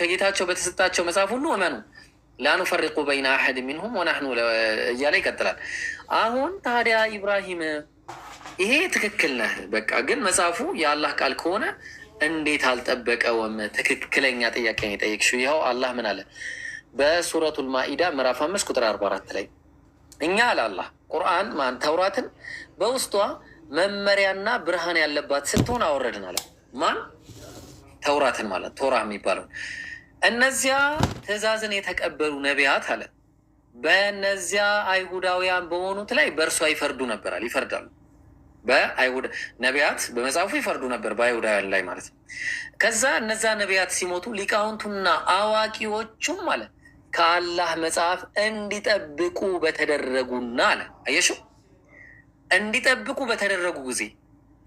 ከጌታቸው በተሰጣቸው መጽሐፍ ሁሉ እመኑ ላኑፈሪቁ በይነ አሐድ ሚንሁም ወናሕኑ እያለ ይቀጥላል። አሁን ታዲያ ኢብራሂም ይሄ ትክክል ነህ፣ በቃ ግን መጽሐፉ የአላህ ቃል ከሆነ እንዴት አልጠበቀውም? ትክክለኛ ጥያቄ ነው የጠየቅሽው። ይኸው አላህ ምን አለ በሱረቱ ልማኢዳ ምዕራፍ አምስት ቁጥር አርባ አራት ላይ እኛ አለ አላላህ ቁርአን ማን ተውራትን በውስጧ መመሪያና ብርሃን ያለባት ስትሆን አወረድን አለ። ማን ተውራትን ማለት ቶራ የሚባለው እነዚያ ትእዛዝን የተቀበሉ ነቢያት አለ በእነዚያ አይሁዳውያን በሆኑት ላይ በእርሷ ይፈርዱ ነበራል፣ ይፈርዳሉ። በአይሁድ ነቢያት በመጽሐፉ ይፈርዱ ነበር በአይሁዳውያን ላይ ማለት ነው። ከዛ እነዛ ነቢያት ሲሞቱ ሊቃውንቱና አዋቂዎቹም አለ ከአላህ መጽሐፍ እንዲጠብቁ በተደረጉና አለ አየሹ እንዲጠብቁ በተደረጉ ጊዜ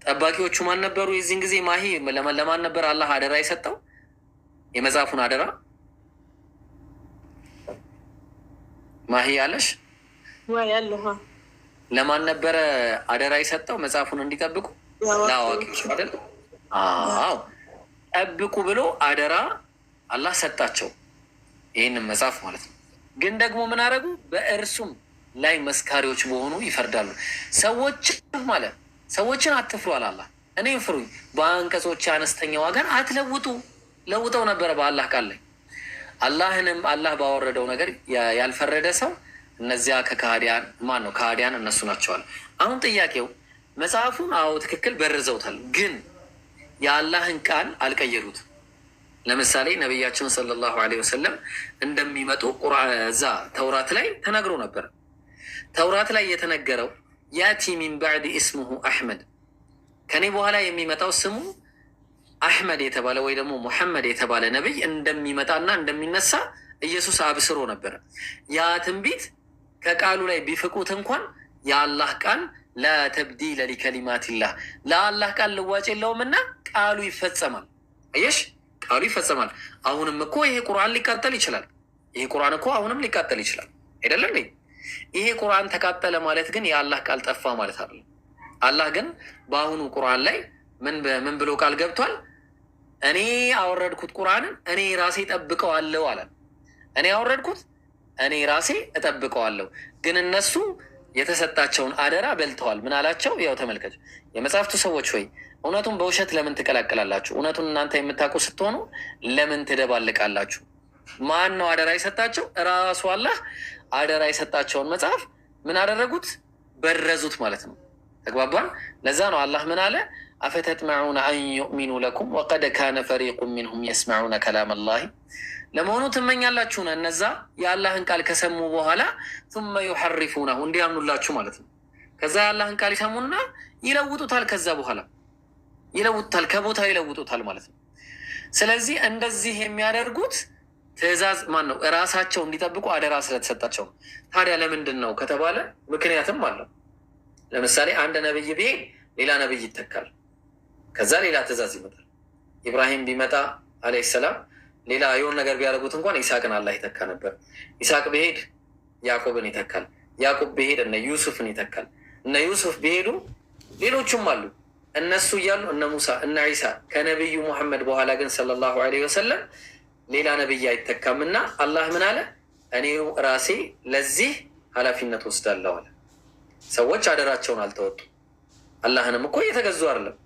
ጠባቂዎቹ ማን ነበሩ? የዚህን ጊዜ ማሂ ለማን ነበር አላህ አደራ የሰጠው? የመጽሐፉን አደራ ማሂ አለሽ ለማን ነበረ አደራ የሰጠው መጽሐፉን እንዲጠብቁ ለአዋቂዎች አዎ ጠብቁ ብሎ አደራ አላህ ሰጣቸው። ይህንን መጽሐፍ ማለት ነው። ግን ደግሞ ምን አደረጉ? በእርሱም ላይ መስካሪዎች በሆኑ ይፈርዳሉ። ሰዎችን ማለት ሰዎችን አትፍሩ አላላ እኔ ፍሩኝ፣ በአንቀጾች አነስተኛ ዋጋን አትለውጡ ለውጠው ነበረ በአላህ ቃል ላይ። አላህንም አላህ ባወረደው ነገር ያልፈረደ ሰው እነዚያ ከካህዲያን ማን ነው? ካህዲያን እነሱ ናቸዋል። አሁን ጥያቄው መጽሐፉን አዎ ትክክል በርዘውታል፣ ግን የአላህን ቃል አልቀየሩት ለምሳሌ ነቢያችን ሰለላሁ ዐለይሂ ወሰለም እንደሚመጡ እዛ ተውራት ላይ ተነግሮ ነበር። ተውራት ላይ የተነገረው ያቲ ሚን ባዕድ እስሙሁ አሕመድ ከኔ በኋላ የሚመጣው ስሙ አሕመድ የተባለ ወይ ደግሞ ሙሐመድ የተባለ ነቢይ እንደሚመጣና እንደሚነሳ ኢየሱስ አብስሮ ነበረ። ያ ትንቢት ከቃሉ ላይ ቢፍቁት እንኳን የአላህ ቃል ላተብዲለ ሊከሊማቲላህ ለአላህ ቃል ልዋጭ የለውምና ቃሉ ይፈጸማል። እየሽ ቃሉ ይፈጸማል። አሁንም እኮ ይሄ ቁርአን ሊቃጠል ይችላል። ይሄ ቁርአን እኮ አሁንም ሊቃጠል ይችላል አይደለም። ይሄ ቁርአን ተቃጠለ ማለት ግን የአላህ ቃል ጠፋ ማለት አለ። አላህ ግን በአሁኑ ቁርአን ላይ ምን ብሎ ቃል ገብቷል? እኔ አወረድኩት ቁርአንን እኔ ራሴ እጠብቀዋለሁ አለ። እኔ አወረድኩት እኔ ራሴ እጠብቀዋለሁ። ግን እነሱ የተሰጣቸውን አደራ በልተዋል። ምን አላቸው? ያው ተመልከቱ። የመጽሐፍቱ ሰዎች ሆይ እውነቱን በውሸት ለምን ትቀላቀላላችሁ? እውነቱን እናንተ የምታውቁ ስትሆኑ ለምን ትደባልቃላችሁ? ማን ነው አደራ የሰጣቸው? ራሱ አላህ አደራ የሰጣቸውን መጽሐፍ ምን አደረጉት? በረዙት ማለት ነው። ተግባባን። ለዛ ነው አላህ ምን አለ አፈተጥመዑነ አን ዩእሚኑ ለኩም ወቀደ ካነ ፈሪቁን ሚንሁም የስማዑነ ከላም አላህ ለመሆኑ ትመኛላችሁን? እነዛ የአላህን ቃል ከሰሙ በኋላ ثመ ዩሐሪፉነሁ እንዲያምኑላችሁ ማለት ነው። ከዛ የአላህን ቃል ይሰሙና ይለውጡታል። ከዛ በኋላ ይለውጡታል፣ ከቦታ ይለውጡታል ማለት ነው። ስለዚህ እንደዚህ የሚያደርጉት ትዕዛዝ ማን ነው? እራሳቸው እንዲጠብቁ አደራ ስለተሰጣቸው። ታዲያ ለምንድን ነው ከተባለ ምክንያትም አለው። ለምሳሌ አንድ ነብይ ብሄድ ሌላ ነብይ ይተካል። ከዛ ሌላ ትእዛዝ ይመጣል። ኢብራሂም ቢመጣ አለይሂ ሰላም ሌላ የሆን ነገር ቢያደርጉት እንኳን ይስሐቅን አላህ ይተካ ነበር። ይስሐቅ ቢሄድ ያዕቆብን ይተካል። ያዕቆብ ቢሄድ እነ ዩሱፍን ይተካል። እነ ዩሱፍ ቢሄዱ ሌሎቹም አሉ። እነሱ እያሉ እነ ሙሳ እነ ዒሳ ከነቢዩ ሙሐመድ በኋላ ግን ሰለላሁ ዐለይሂ ወሰለም ሌላ ነቢይ አይተካም እና አላህ ምን አለ? እኔው ራሴ ለዚህ ኃላፊነት ወስዳለሁ አለ። ሰዎች አደራቸውን አልተወጡ አላህንም እኮ እየተገዙ አይደለም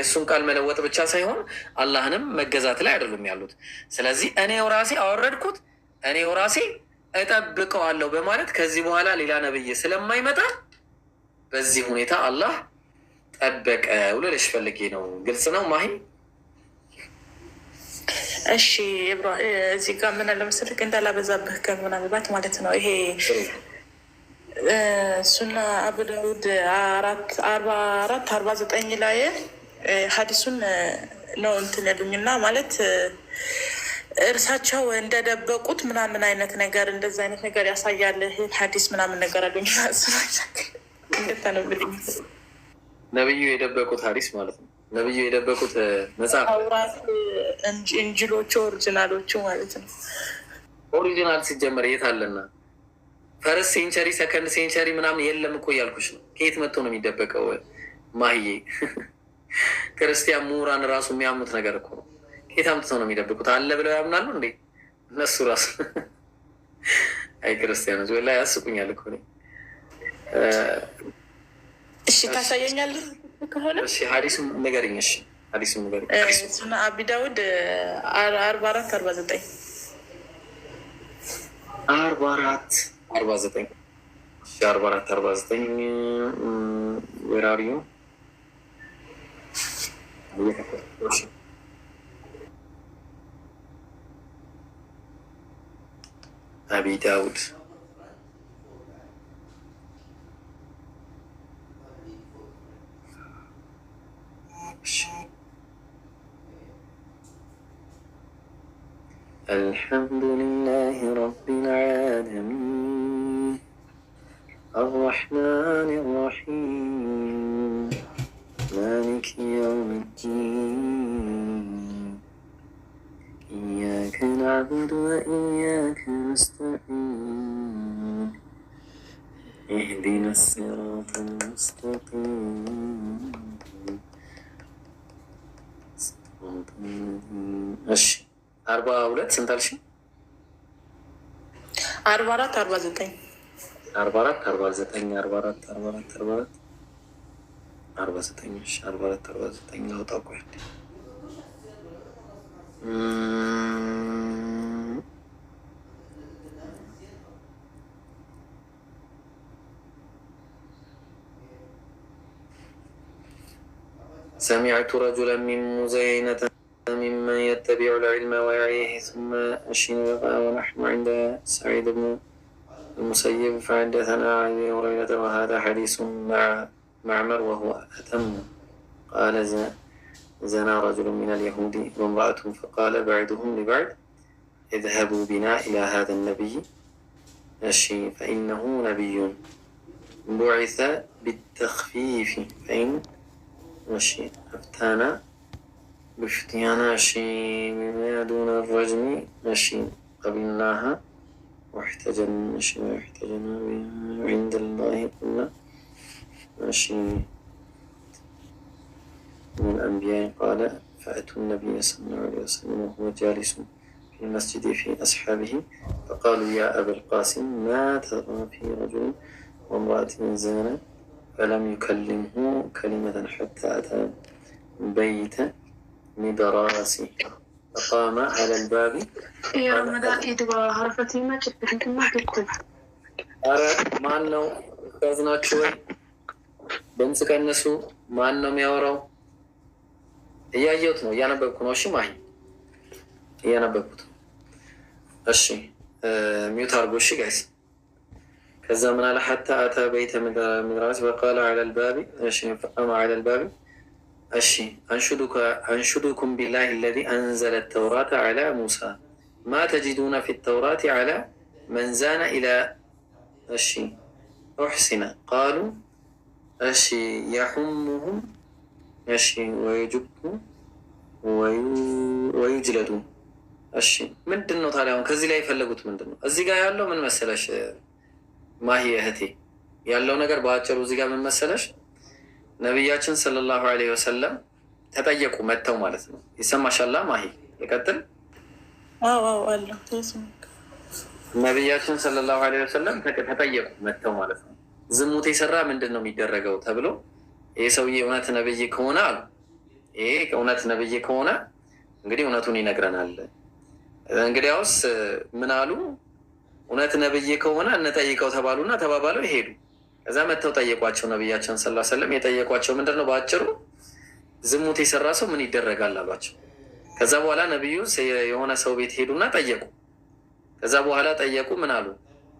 የእሱን ቃል መለወጥ ብቻ ሳይሆን አላህንም መገዛት ላይ አይደሉም ያሉት። ስለዚህ እኔው ራሴ አወረድኩት፣ እኔው ራሴ እጠብቀዋለሁ በማለት ከዚህ በኋላ ሌላ ነብይ ስለማይመጣ በዚህ ሁኔታ አላህ ጠበቀ ልልሽ ፈልጌ ነው። ግልጽ ነው ማሂም። እሺ እዚህ ጋር ምን አለ መሰለህ እንዳላበዛብህ ከምናልባት ማለት ነው ይሄ ሱና አቡ ዳውድ አራት አርባ አራት አርባ ዘጠኝ ላይ ሀዲሱን ነው እንትን ያሉኝና ማለት እርሳቸው እንደደበቁት ምናምን አይነት ነገር እንደዚ አይነት ነገር ያሳያል ሀዲስ ምናምን ነገር አሉኝ። ነብዩ የደበቁት ሀዲስ ማለት ነው። ነብዩ የደበቁት መጽሐፍ እንጅሎቹ ኦሪጂናሎቹ ማለት ነው። ኦሪጂናል ሲጀመር የት አለና? ፈርስት ሴንቸሪ ሰከንድ ሴንቸሪ ምናምን የለም እኮ እያልኩሽ ነው። ከየት መጥቶ ነው የሚደበቀው? ማህዬ ክርስቲያን ምሁራን ራሱ የሚያምኑት ነገር እኮ ነው። ከየት አምጥተው ነው የሚደብቁት? አለ ብለው ያምናሉ እንዴ እነሱ ራሱ። አይ ክርስቲያኖች ወላሂ ያስቁኛል እኮ እሺ ታሳየኛል ከሆነ ሀዲሱም ንገሪኝ። እሺ ሀዲሱም ንገሪኝ። ሱነ አቢ ዳውድ አርባ አራት አርባ ዘጠኝ አርባ አራት አርባ ዘጠኝ አርባ አራት አርባ ዘጠኝ ወራሪው أبي داود الحمد لله አርባ ሁለት ስንት አልሽኝ? አርባ አራት አርባ ዘጠኝ አርባ አራት አርባ ዘጠኝ አርባ አራት አርባ አራት አርባ አራት አርባ ዘጠኝ አርባ አራት አርባ ዘጠኝ ላውጣ ቆይ ሰሚዐቱ ረጁለን ሚን ሙዘይነተ ممن يتبع العلم ويعيه ثم أشين ونحن عند سعيد بن المسيب فحدثنا عن أبي هريرة وهذا حديث مع معمر وهو أتم قال زنا رجل من اليهود وامرأته فقال بعدهم لبعد اذهبوا بنا إلى هذا النبي نشي فإنه نبي بعث بالتخفيف فإن مشي أفتانا بافتياناشي مما دون الرجم مشي قبلناها واحتجنا مشي واحتجنا عند الله قلنا مشي من الأنبياء قال فأتوا النبي صلى الله عليه وسلم وهو جالس في المسجد في أصحابه فقالوا يا أبا القاسم ما ترى في رجل وامرأة زانة فلم يكلمه كلمة حتى أتى بيته مدراسي أقام على الباب إيه يا مدى إدوا عرفتي ما كتبت ما كتبت أرى ما أنه كازنا شوي بمس كان نسو ما أنه ميورو هي أيوت مو يانا بكون أشي ما هي هي أنا آه، ميوتار بوشي جايس كذا من حتى أتى بيت مدراسي وقال على الباب أشي فقام على الباب እሺ አንሹዱኩም ቢላህ አለዚ አንዘለ ተውራት ዐላ ሙሳ ማ ተጂዱና ፊ ተውራት ዐላ መንዛና ኢላ እሺ ኡሕሲና ቃሉ እሺ የሑሙሁም እሺ ወዩጅቡ ወዩጅለዱ እሺ ምንድን ነው ታዲያ ከዚህ ላይ የፈለጉት ምንድን ነው? እዚህ ጋር ያለው ምን መሰለሽ ማሂ እህቴ ያለው ነገር በአጭሩ እዚህ ጋር ምን መሰለሽ ነቢያችን ሰለላሁ ዐለይሂ ወሰለም ተጠየቁ መጥተው ማለት ነው። ይሰማሻላ ማሂ ይቀጥል። ነቢያችን ሰለላሁ ዐለይሂ ወሰለም ተጠየቁ መጥተው ማለት ነው። ዝሙት የሰራ ምንድን ነው የሚደረገው ተብሎ ይህ ሰውዬ እውነት ነብይ ከሆነ አሉ ይሄ እውነት ነብይ ከሆነ እንግዲህ እውነቱን ይነግረናል። እንግዲያውስ ምን አሉ? እውነት ነብይ ከሆነ እንጠይቀው ተባሉና ተባባለው ይሄዱ ከዛ መጥተው ጠየቋቸው ነቢያቸውን ስላ ሰለም የጠየቋቸው ምንድን ነው በአጭሩ ዝሙት የሰራ ሰው ምን ይደረጋል አሏቸው። ከዛ በኋላ ነቢዩ የሆነ ሰው ቤት ሄዱና ጠየቁ። ከዛ በኋላ ጠየቁ ምን አሉ?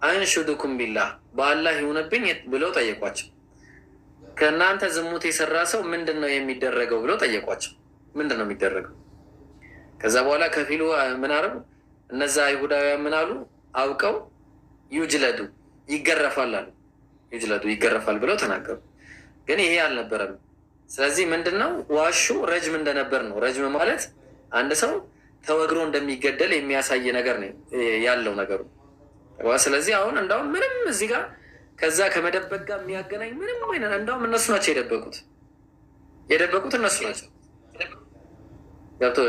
አንሹዱኩም ቢላህ በአላህ ይሁንብኝ ብለው ጠየቋቸው። ከእናንተ ዝሙት የሰራ ሰው ምንድን ነው የሚደረገው ብለው ጠየቋቸው። ምንድን ነው የሚደረገው? ከዛ በኋላ ከፊሉ ምን አረጉ? እነዛ አይሁዳውያን ምን አሉ? አውቀው ዩጅለዱ ይገረፋል አሉ። ይጅለዱ ይገረፋል ብለው ተናገሩ። ግን ይሄ አልነበረም። ስለዚህ ምንድን ነው ዋሹ ረጅም እንደነበር ነው። ረጅም ማለት አንድ ሰው ተወግሮ እንደሚገደል የሚያሳይ ነገር ነው ያለው ነገሩ። ስለዚህ አሁን እንዳውም ምንም እዚህ ጋር ከዛ ከመደበቅ ጋር የሚያገናኝ ምንም ወይ እንዳውም እነሱ ናቸው የደበቁት የደበቁት እነሱ ናቸው።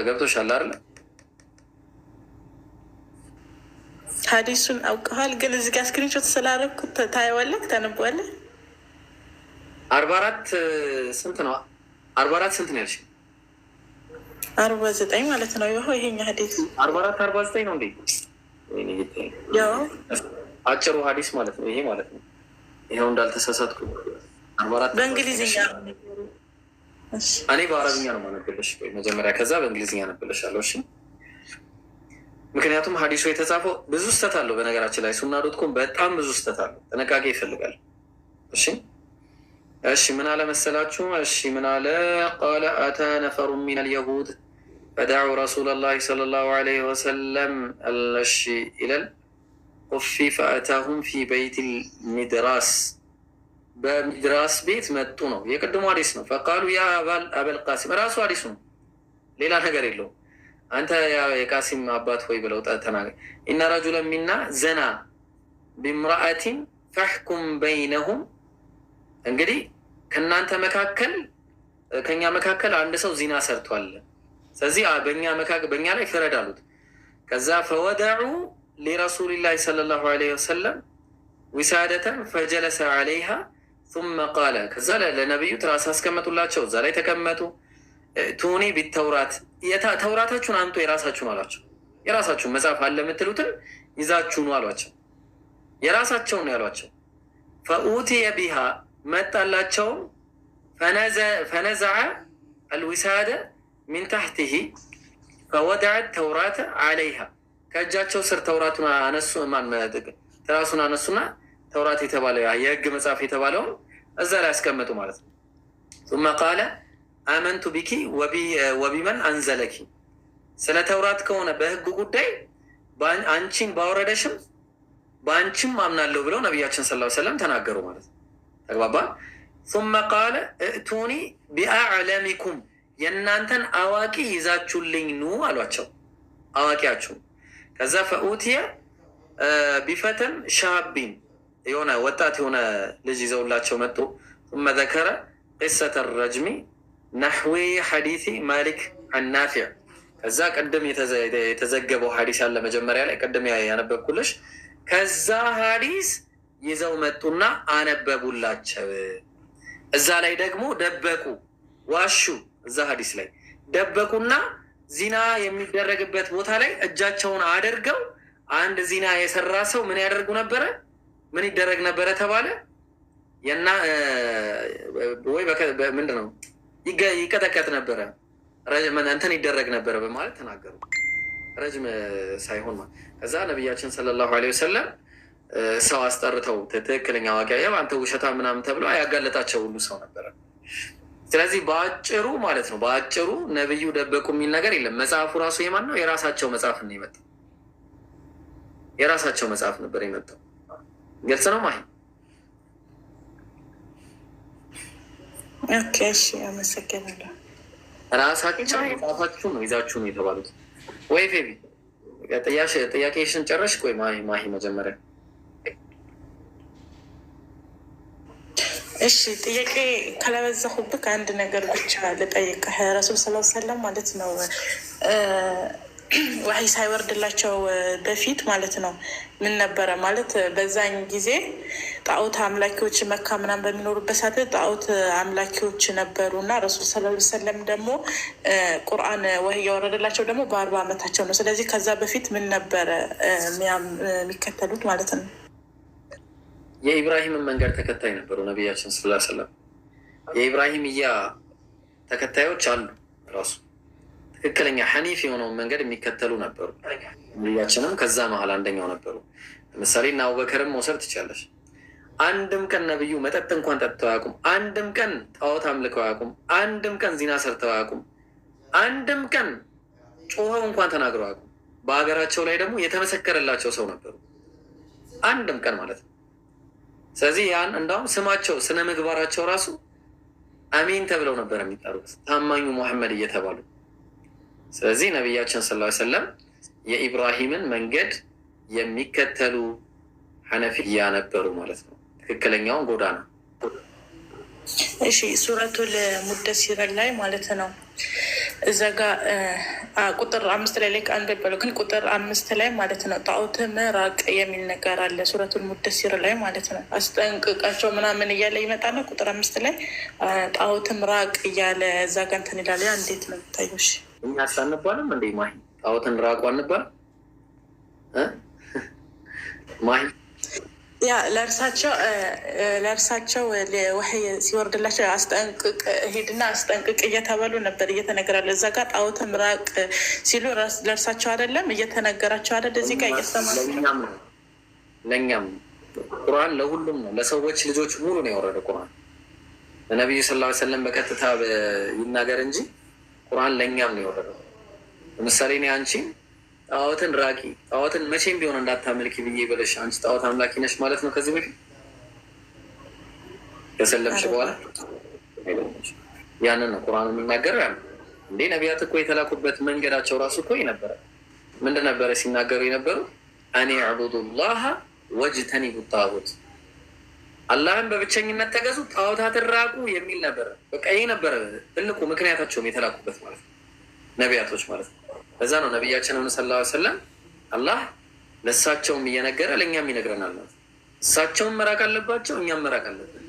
ገብቶሻል አይደለ? ሀዲሱን አውቀኋል፣ ግን እዚህ ጋር ስክሪንሾት ስላደረኩት ታየዋለህ፣ ታነበዋለህ። አርባ አራት ስንት ነው? አርባ አራት ስንት ነው ያልሽ? አርባ ዘጠኝ ማለት ነው። ይኸው ይሄኛ ሀዲስ አርባ አራት አርባ ዘጠኝ ነው እንዴ? ያው አጭሩ ሀዲስ ማለት ነው ይሄ ማለት ነው። ይኸው እንዳልተሳሳትኩ አርባ በእንግሊዝኛ እኔ በአረብኛ ነው ማነበለሽ መጀመሪያ፣ ከዛ በእንግሊዝኛ ነበለሻለሁ። እሺ ምክንያቱም ሀዲሱ የተጻፈው ብዙ ስተት አለው። በነገራችን ላይ ሱና ዶት ኮም በጣም ብዙ ስተት አለው። ጥንቃቄ ይፈልጋል። እሺ እሺ፣ ምን አለ መሰላችሁ? እሺ ምን አለ ቃለ አታ ነፈሩ ሚን አልየሁድ ፈዳዑ ረሱላ ላሂ ሰለላሁ ዐለይሂ ወሰለም እሺ ይላል ቁፊ ፈአታሁም ፊ በይት ሚድራስ በሚድራስ ቤት መጡ ነው። የቅድሙ ሀዲስ ነው። ፈቃሉ ያ አበልቃሲም ቃሲም ራሱ ሀዲሱ ነው፣ ሌላ ነገር የለውም። አንተ የቃሲም አባት ሆይ ብለው ተናገ እና ረጁለን ሚና ዘና ቢምራአቲን ፈሕኩም በይነሁም። እንግዲህ ከእናንተ መካከል ከኛ መካከል አንድ ሰው ዚና ሰርቷል፣ ስለዚህ በእኛ መካከል በእኛ ላይ ፍረድ አሉት። ከዛ ፈወደዑ ሊረሱሊላህ ሰለላሁ ዐለይሂ ወሰለም ዊሳደተን ፈጀለሰ ዐለይሃ ሱመ ቃለ ከዛ ለነቢዩ ትራስ አስቀመጡላቸው፣ እዛ ላይ ተቀመጡ። ቱኔ ቤት ተውራት ተውራታችሁን አምጡ የራሳችሁን አሏቸው። የራሳችሁን መጽሐፍ አለ የምትሉትን ይዛችሁ ነው አሏቸው። የራሳቸውን ያሏቸው ፈኡትየ ቢሃ መጣላቸው ፈነዘዐ አልዊሳደ ሚን ታሕቲሂ ፈወደዐት ተውራተ ዓለይሃ ከእጃቸው ስር ተውራቱን አነሱ። ትራሱን አነሱና ተውራት የተባለ የህግ መጽሐፍ የተባለውን እዛ ላይ ያስቀመጡ ማለት ነው። ثم አመንቱ ቢኪ ወቢመን አንዘለኪ ስለ ተውራት ከሆነ በህግ ጉዳይ አንቺን ባወረደሽም በአንቺም አምናለሁ ብለው ነቢያችን ስ ሰለም ተናገሩ ማለት ነው። ተግባባ። ሱመ ቃለ እእቱኒ ቢአዕለሚኩም የእናንተን አዋቂ ይዛችሁልኝ ኑ አሏቸው። አዋቂያችሁ ከዛ ፈኡትየ ቢፈተን ሻቢን የሆነ ወጣት የሆነ ልጅ ይዘውላቸው መጡ። ሱመ ዘከረ ቅሰተ ረጅሚ ናሕዊ ሐዲሲ ማሊክ አናፊዕ ከዛ ቅድም የተዘገበው ሀዲስ አለ መጀመሪያ ላይ ቅድም ያነበብኩልሽ። ከዛ ሀዲስ ይዘው መጡና አነበቡላቸው። እዛ ላይ ደግሞ ደበቁ፣ ዋሹ። እዛ ሀዲስ ላይ ደበቁና ዚና የሚደረግበት ቦታ ላይ እጃቸውን አድርገው አንድ ዚና የሰራ ሰው ምን ያደርጉ ነበረ? ምን ይደረግ ነበረ ተባለ? የና ወይ ምንድን ነው ይቀጠቀጥ ነበረ፣ እንትን ይደረግ ነበረ በማለት ተናገሩ። ረጅም ሳይሆን ማለት ከዛ ነቢያችን ሰለላሁ ዐለይሂ ወሰለም ሰው አስጠርተው ትክክለኛ ዋቂ ያየው አንተ ውሸታ ምናምን ተብሎ ያጋለጣቸው ሁሉ ሰው ነበረ። ስለዚህ በአጭሩ ማለት ነው በአጭሩ ነብዩ ደበቁ የሚል ነገር የለም። መጽሐፉ ራሱ የማን ነው? የራሳቸው መጽሐፍ ነው የመጣው። የራሳቸው መጽሐፍ ነበር የመጣው። ግልጽ ነው ማይ አመሰግናለሁ። ራሳቸው ጻፋችሁ ነው ይዛችሁ ነው የተባሉት ወይ ፌቢ ጥያቄሽን ጨረሽ? ቆይ ማሂ መጀመሪያ እሺ ጥያቄ ከለበዛሁብህ አንድ ነገር ብቻ ልጠይቅህ። ረሱል ስለ ሰለም ማለት ነው ዋሂ ሳይወርድላቸው በፊት ማለት ነው። ምን ነበረ ማለት በዛን ጊዜ ጣዖት አምላኪዎች መካ ምናምን በሚኖሩበት ሰዓት ጣዖት አምላኪዎች ነበሩ እና ረሱል ስለ ሰለም ደግሞ ቁርአን ወህ እያወረደላቸው ደግሞ በአርባ ዓመታቸው ነው። ስለዚህ ከዛ በፊት ምን ነበረ የሚከተሉት ማለት ነው። የኢብራሂምን መንገድ ተከታይ ነበሩ ነቢያችን ስላ ሰለም እያ ተከታዮች አሉ ራሱ ትክክለኛ ሐኒፍ የሆነውን መንገድ የሚከተሉ ነበሩ። ነቢያችንም ከዛ መሀል አንደኛው ነበሩ። ለምሳሌ እና አቡበከርም መውሰድ ትችላለች። አንድም ቀን ነቢዩ መጠጥ እንኳን ጠጥተው አያውቁም። አንድም ቀን ጣዖት አምልከው አያውቁም። አንድም ቀን ዚና ሰርተው አያውቁም። አንድም ቀን ጮኸው እንኳን ተናግረው አያውቁም። በሀገራቸው ላይ ደግሞ የተመሰከረላቸው ሰው ነበሩ። አንድም ቀን ማለት ነው። ስለዚህ ያን እንዳውም ስማቸው ስነ ምግባራቸው ራሱ አሚን ተብለው ነበር የሚጠሩት ታማኙ ሙሐመድ እየተባሉ ስለዚህ ነቢያችን ስ ሰለም የኢብራሂምን መንገድ የሚከተሉ ሐነፊያ ነበሩ ማለት ነው። ትክክለኛውን ጎዳና እሺ፣ ሱረቱል ሙደሲር ላይ ማለት ነው። እዛ ጋ ቁጥር አምስት ላይ ላይ አንበበለው ግን ቁጥር አምስት ላይ ማለት ነው ጣዖት ምራቅ የሚል ነገር አለ። ሱረቱል ሙደሲር ላይ ማለት ነው አስጠንቅቃቸው ምናምን እያለ ይመጣና ቁጥር አምስት ላይ ጣዖት ምራቅ እያለ እዛ ጋ እንትን ይላል። እንዴት ነው ታዩሽ? እኛስ አንባልም እንደ ማሂ ጣዖትን ራቁ አንባል ማሂ ያ ለእርሳቸው ለእርሳቸው ወሕይ ሲወርድላቸው አስጠንቅቅ ሄድና አስጠንቅቅ እየተበሉ ነበር እየተነገራለ። እዛ ጋር ጣዖትን ምራቅ ሲሉ ለእርሳቸው አይደለም እየተነገራቸው አይደል? እዚህ ጋር እየሰማቸው ለእኛም ቁርአን ለሁሉም ነው። ለሰዎች ልጆች ሙሉ ነው የወረደ ቁርአን። ለነቢዩ ስላ ሰለም በቀጥታ ይናገር እንጂ ቁርአን ለእኛም ነው የወረደው። ለምሳሌ እኔ አንቺ ጣዖትን ራቂ ጣዖትን መቼም ቢሆን እንዳታመልኪ ብዬ ብለሽ አንቺ ጣዖት አምላኪ ነሽ ማለት ነው። ከዚህ በፊት ከሰለምሽ በኋላ ያንን ነው ቁርአን የምናገረው። ያ እንዴ ነቢያት እኮ የተላኩበት መንገዳቸው ራሱ እኮ ነበረ። ምንድን ነበረ ሲናገሩ የነበሩ አኔ ዕቡዱላህ ወጅተኒቡ ጣዖት አላህን በብቸኝነት ተገዙ፣ ጣዖታትን ራቁ የሚል ነበር። በቃ ይህ ነበር ትልቁ ምክንያታቸውም የተላኩበት ማለት ነው፣ ነቢያቶች ማለት ነው። በዛ ነው ነቢያችንም ሰለላሁ ዐለይሂ ወሰለም አላህ ለእሳቸውም እየነገረ ለእኛም ይነግረናል ማለት ነው። እሳቸውን መራቅ አለባቸው፣ እኛም መራቅ አለብን።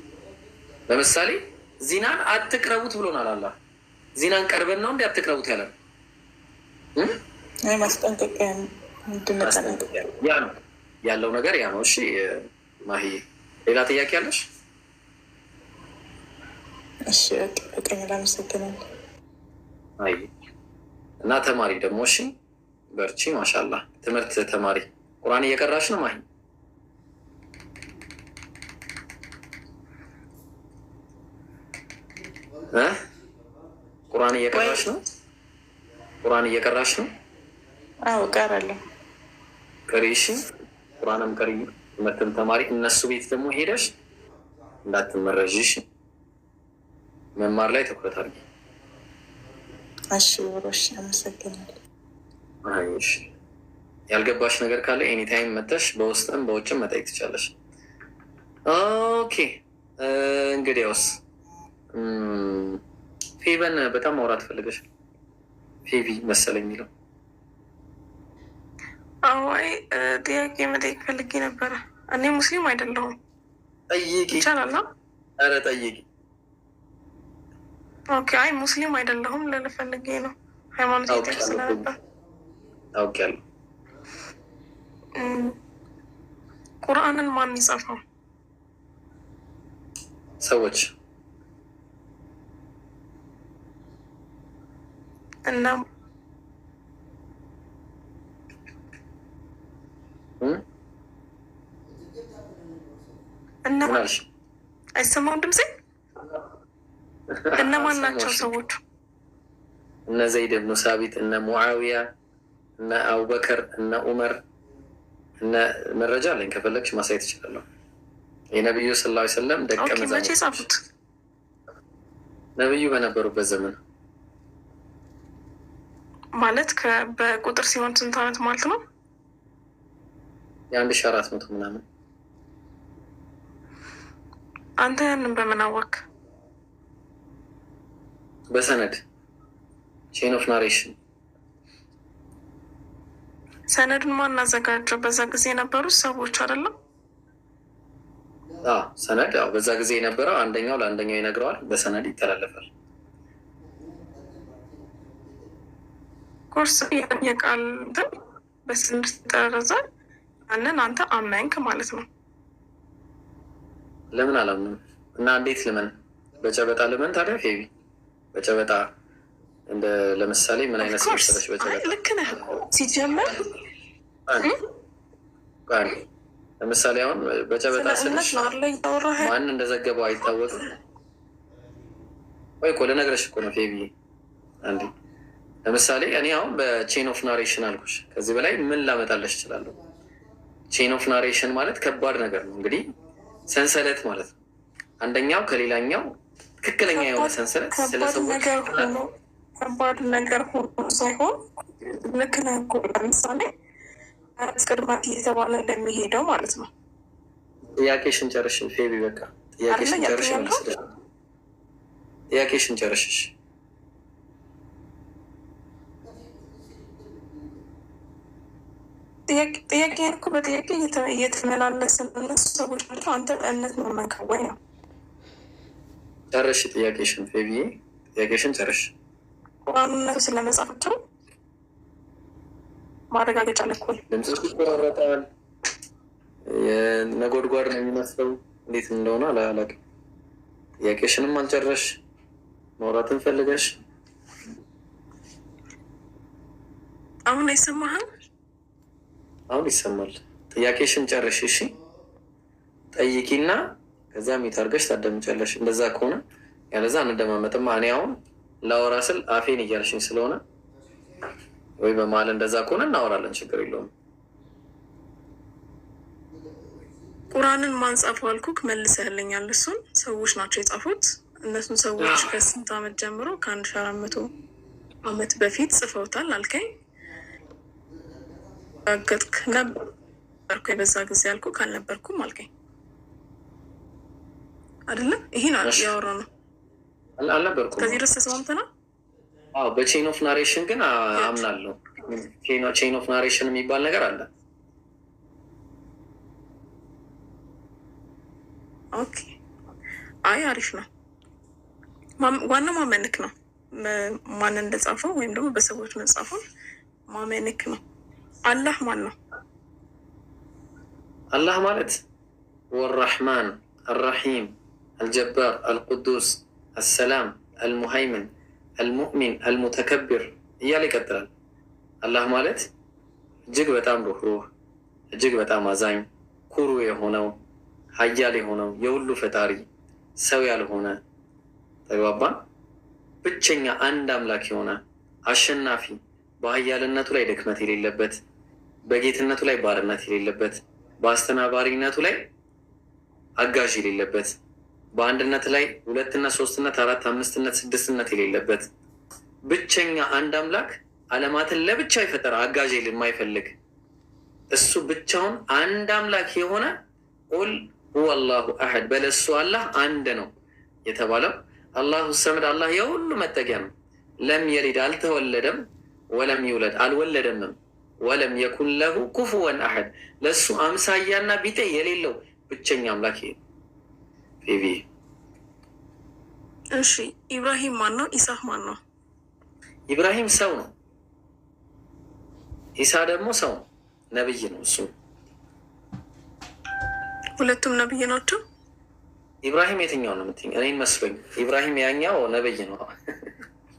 ለምሳሌ ዚናን አትቅረቡት ብሎናል አላህ። ዚናን ቀርበን ነው እንዲ አትቅረቡት ያለ ማስጠንቀቂያ ያ ነው ያለው ነገር ያ ነው። እሺ ማሂ ሌላ ጥያቄ አለሽ? እሺ በጣም አመሰግናለሁ። እና ተማሪ ደግሞ እሺ፣ በርቺ። ማሻላ ትምህርት ተማሪ ቁርአን እየቀራሽ ነው ማይ ቁርአን እየቀራሽ ነው? ቁርአን እየቀራሽ ነው? አዎ እቀራለሁ። ቅሪ እሺ፣ ቁርአንም ቅሪ መትም ተማሪ እነሱ ቤት ደግሞ ሄደሽ እንዳትመረዥሽ መማር ላይ ትኩረት አድርጊ። እሺ አመሰግናለሁ። ያልገባሽ ነገር ካለ ኤኒታይም መተሽ በውስጥም በውጭም መጠየቅ ትቻለሽ። ኦኬ እንግዲያውስ ፌቨን በጣም ማውራት ፈልገሽ ፌቪ መሰለኝ የሚለው አዋይ ጥያቄ መጠየቅ ፈልጌ ነበረ። እኔ ሙስሊም አይደለሁም። ጠይቂ ይቻላል። ኧረ ጠይቂ። ኦኬ። አይ ሙስሊም አይደለሁም ልልፈልጌ ነው። ሃይማኖት ጤር ስለነበር አውቄያለሁ። ቁርአንን ማን ይጻፈው? ሰዎች እና ናልሽ? አይሰማም ድምፄ? እነማን ናቸው ሰዎቹ? እነ ዘይድ ብኑ ሳቢት፣ እነ ሙዓዊያ፣ እነ አቡበከር፣ እነ ዑመር እነ መረጃ አለኝ ከፈለግሽ ማሳየት ይችላለሁ። የነቢዩ ስላ ሰለም ደቀ መዛሙርት የጻፉት ነቢዩ በነበሩበት ዘመን ማለት በቁጥር ሲሆን ስንት ዓመት ማለት ነው? የአንድ ሺ አራት መቶ ምናምን አንተ ያንን በምን አወቅ? በሰነድ ቼን ኦፍ ናሬሽን። ሰነዱን ማን አዘጋጀው? በዛ ጊዜ የነበሩ ሰዎች አይደለም። ሰነድ ያው በዛ ጊዜ የነበረው አንደኛው ለአንደኛው ይነግረዋል፣ በሰነድ ይተላለፋል። ኮርስ የቃል በሰነድ ተጠረዘ። ያንን አንተ አመንክ ማለት ነው። ለምን አላምንም እና እንዴት ልመን? በጨበጣ ልመን ታዲያ ፌቢ በጨበጣ እንደ ለምሳሌ ምን አይነት መሰለሽ? በጨበጣ ልክ ነህ ሲጀመር ለምሳሌ አሁን በጨበጣ ስልሽ ማን እንደዘገበው አይታወቅም። ወይ እኮ ልነግረሽ እኮ ነው አንዴ ለምሳሌ እኔ አሁን በቼን ኦፍ ናሬሽን አልኩሽ። ከዚህ በላይ ምን ላመጣለሽ እችላለሁ? ቼን ኦፍ ናሬሽን ማለት ከባድ ነገር ነው እንግዲህ ሰንሰለት ማለት ነው። አንደኛው ከሌላኛው ትክክለኛ የሆነ ሰንሰለት ስለሰዎች ከባድ ነገር ሆኖ ሳይሆን ልክ ነህ እኮ ለምሳሌ አራስ ቅድማት እየተባለ እንደሚሄደው ማለት ነው። ጥያቄሽን ጨርሽ ፌቢ፣ በቃ ጥያቄሽን ጨርሽ። ጥያቄሽን ጨርሽሽ ጥያቄን እኮ በጥያቄ እየተመላለስ እነሱ ሰዎች ናቸው። አንተ በእምነት መመካወይ ነው። ጨርሽ ጥያቄሽን ብዬ ጥያቄሽን ጨርሽ። ቁርአኑነቱ ስለ ማረጋገጫ ልኮል ድምፅሽ ይቆራረጣል። የነጎድጓድ ነው የሚመስለው። እንዴት እንደሆነ አላላቅም። ጥያቄሽንም አልጨረሽ ማውራትን ፈልገሽ አሁን አይሰማህም? አሁን ይሰማል። ጥያቄሽን ጨርሽ እሺ። ጠይቂና ከዛ ሚታርገሽ ታዳምጫለሽ። እንደዛ ከሆነ ያለዛ አንደማመጥማ። እኔ አሁን ላወራ ስል አፌን እያልሽኝ ስለሆነ ወይ በመሀል እንደዛ ከሆነ እናወራለን፣ ችግር የለውም። ቁራንን ማንጻፍ አልኩክ መልሰህልኛል። እሱን ሰዎች ናቸው የጻፉት። እነሱን ሰዎች ከስንት አመት ጀምሮ ከአንድ ሺህ አራት መቶ አመት በፊት ጽፈውታል አልከኝ። አገጥክ ነበርኩ የበዛ ጊዜ ያልኩ ካልነበርኩም አልከኝ አይደለም። ይሄ ነው ያወራ ነው አልነበርኩም። ከዚህ ድረስ ተስማምተና አዎ። በቼን ኦፍ ናሬሽን ግን አምናለሁ። ቼን ኦፍ ናሬሽን የሚባል ነገር አለ። ኦኬ። አይ አሪፍ ነው። ዋናው ማመንክ ነው። ማንን እንደጻፈው ወይም ደግሞ በሰዎች መጻፉን ማመንክ ነው። አላህ ማን ነው? አላህ ማለት ወራህማን አራሒም፣ አልጀባር፣ አልቁዱስ አሰላም፣ አልሙሃይምን፣ አልሙእሚን፣ አልሙተከብር እያለ ይቀጥላል። አላህ ማለት እጅግ በጣም ሩህሩህ፣ እጅግ በጣም አዛኝ፣ ኩሩ የሆነው ሀያል የሆነው የሁሉ ፈጣሪ ሰው ያልሆነ ተግባባን። ብቸኛ አንድ አምላክ የሆነ አሸናፊ በሀያልነቱ ላይ ድክመት የሌለበት በጌትነቱ ላይ ባርነት የሌለበት፣ በአስተናባሪነቱ ላይ አጋዥ የሌለበት፣ በአንድነት ላይ ሁለትነት፣ ሶስትነት፣ አራት፣ አምስትነት፣ ስድስትነት የሌለበት ብቸኛ አንድ አምላክ ዓለማትን ለብቻ የፈጠረ አጋዥ የማይፈልግ እሱ ብቻውን አንድ አምላክ የሆነ ቁል ሁወ አላሁ አሐድ እሱ አላህ አንድ ነው የተባለው አላሁ ሰምድ አላህ የሁሉ መጠጊያ ነው። ለም የሊድ አልተወለደም፣ ወለም ይውለድ አልወለደምም ወለም የኩን ለሁ ኩፉወን አሐድ ለእሱ አምሳያና ቢጤ የሌለው ብቸኛ አምላክ ይሄ። እሺ ኢብራሂም ማን ነው? ኢሳህ ማን ነው? ኢብራሂም ሰው ነው። ኢሳ ደግሞ ሰው ነው፣ ነብይ ነው። እሱ ሁለቱም ነብይ ናቸው። ኢብራሂም የትኛው ነው የምትይኝ? እኔን መስሎኝ። ኢብራሂም ያኛው ነብይ ነው።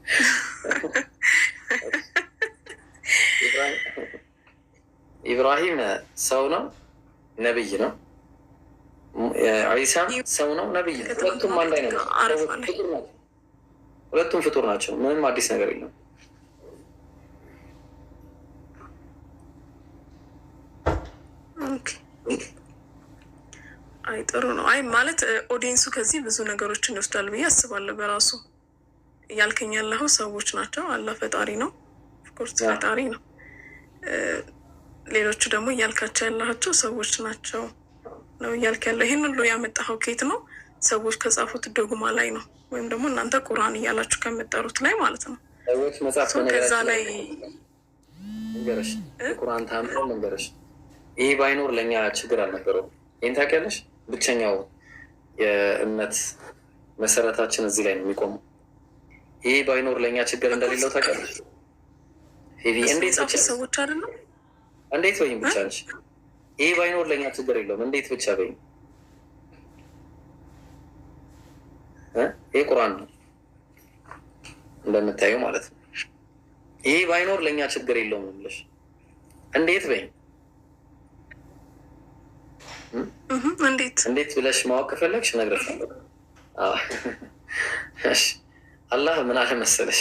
ኢብራሂም ሰው ነው፣ ነብይ ነው። ዒሳ ሰው ነው፣ ነብይ ነው። ሁለቱም አንድ አይነት ነው። ሁለቱም ፍጡር ናቸው። ምንም አዲስ ነገር የለም። አይ ጥሩ ነው። አይ ማለት ኦዲየንሱ ከዚህ ብዙ ነገሮችን ይወስዳል ብዬ አስባለሁ። በራሱ እያልከኝ ያለኸው ሰዎች ናቸው። አላህ ፈጣሪ ነው፣ ኦፍኮርስ ፈጣሪ ነው። ሌሎቹ ደግሞ እያልካቸው ያላቸው ሰዎች ናቸው ነው እያልክ ያለው። ይህን ሁሉ ያመጣኸው ኬት ነው ሰዎች ከጻፉት ዶግማ ላይ ነው ወይም ደግሞ እናንተ ቁርአን እያላችሁ ከምጠሩት ላይ ማለት ነው። ከዛ ላይ ቁርአን ታምሮ ይህ ባይኖር ለእኛ ችግር አልነበረው። ይህን ታውቂያለሽ። ብቸኛው የእምነት መሰረታችን እዚህ ላይ ነው የሚቆመው። ይህ ባይኖር ለእኛ ችግር እንደሌለው ታውቂያለሽ። እንዴት ሰዎች አይደለም እንዴት በይኝ ብቻ ነሽ። ይሄ ባይኖር ለኛ ችግር የለውም። እንዴት ብቻ በይኝ። ይሄ ቁርአን ነው እንደምታየው ማለት ነው። ይሄ ባይኖር ለእኛ ችግር የለውም ብለሽ እንዴት በይኝ። እንዴት ብለሽ ማወቅ ከፈለግሽ እነግርሻለሁ። አላህ ምን አለ መሰለሽ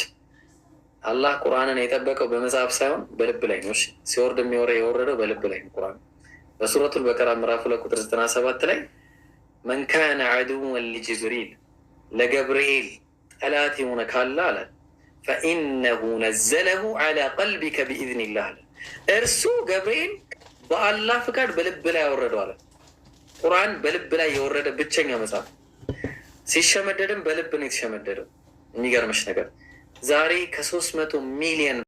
አላህ ቁርአንን የጠበቀው በመጽሐፍ ሳይሆን በልብ ላይ ነው። ሲወርድ የሚወረ የወረደው በልብ ላይ ነው። ቁርአን በሱረቱል በቀራ ምዕራፍ ሁለት ቁጥር ዘጠና ሰባት ላይ ካነ አድወን ሊጅብሪል ለገብርኤል ጠላት የሆነ ካለ አለ ፈኢነሁ ነዘለሁ ዐላ ቀልቢከ ቢኢዝኒላህ አለ እርሱ ገብርኤል በአላህ ፍቃድ በልብ ላይ ያወረደው አለ። ቁርአን በልብ ላይ የወረደ ብቸኛ መጽሐፍ ሲሸመደድም በልብ ነው የተሸመደደው። የሚገርምሽ ነገር ዛሬ ከሶስት መቶ ሚሊዮን